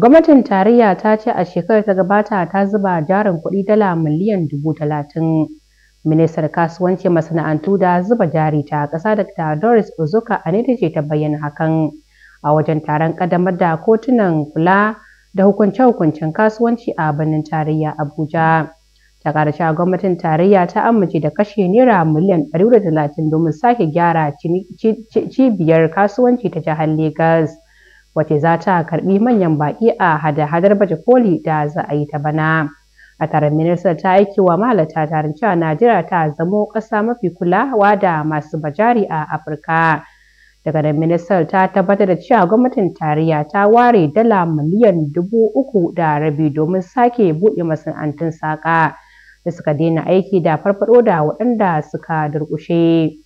Gwamnatin tarayya ta ce a shekarar ta gabata ta zuba jarin kuɗi dala miliyan dubu talatin. Ministar kasuwanci masana'antu da zuba jari ta ƙasa da Doris Uzuka a ne ce ta bayyana hakan a wajen taron ƙaddamar da kotunan kula da hukunce-hukuncen kasuwanci a birnin tarayya Abuja. Ta ƙarshe gwamnatin tarayya ta amince da kashe naira miliyan da talatin domin sake gyara cibiyar kasuwanci ta jihar Legas. wace za ta karbi manyan baƙi a hada-hadar baje koli da za a yi ta bana. A taron ministar ta aiki wa malata taron cewa Najeriya ta zamo ƙasa mafi kulawa da masu bajari a Afirka. Daga da ministar ta tabbatar da cewa gwamnatin tarayya ta ware dala miliyan dubu uku da rabi domin sake buɗe masana'antun saƙa da suka daina aiki da farfaɗo da waɗanda suka durƙushe.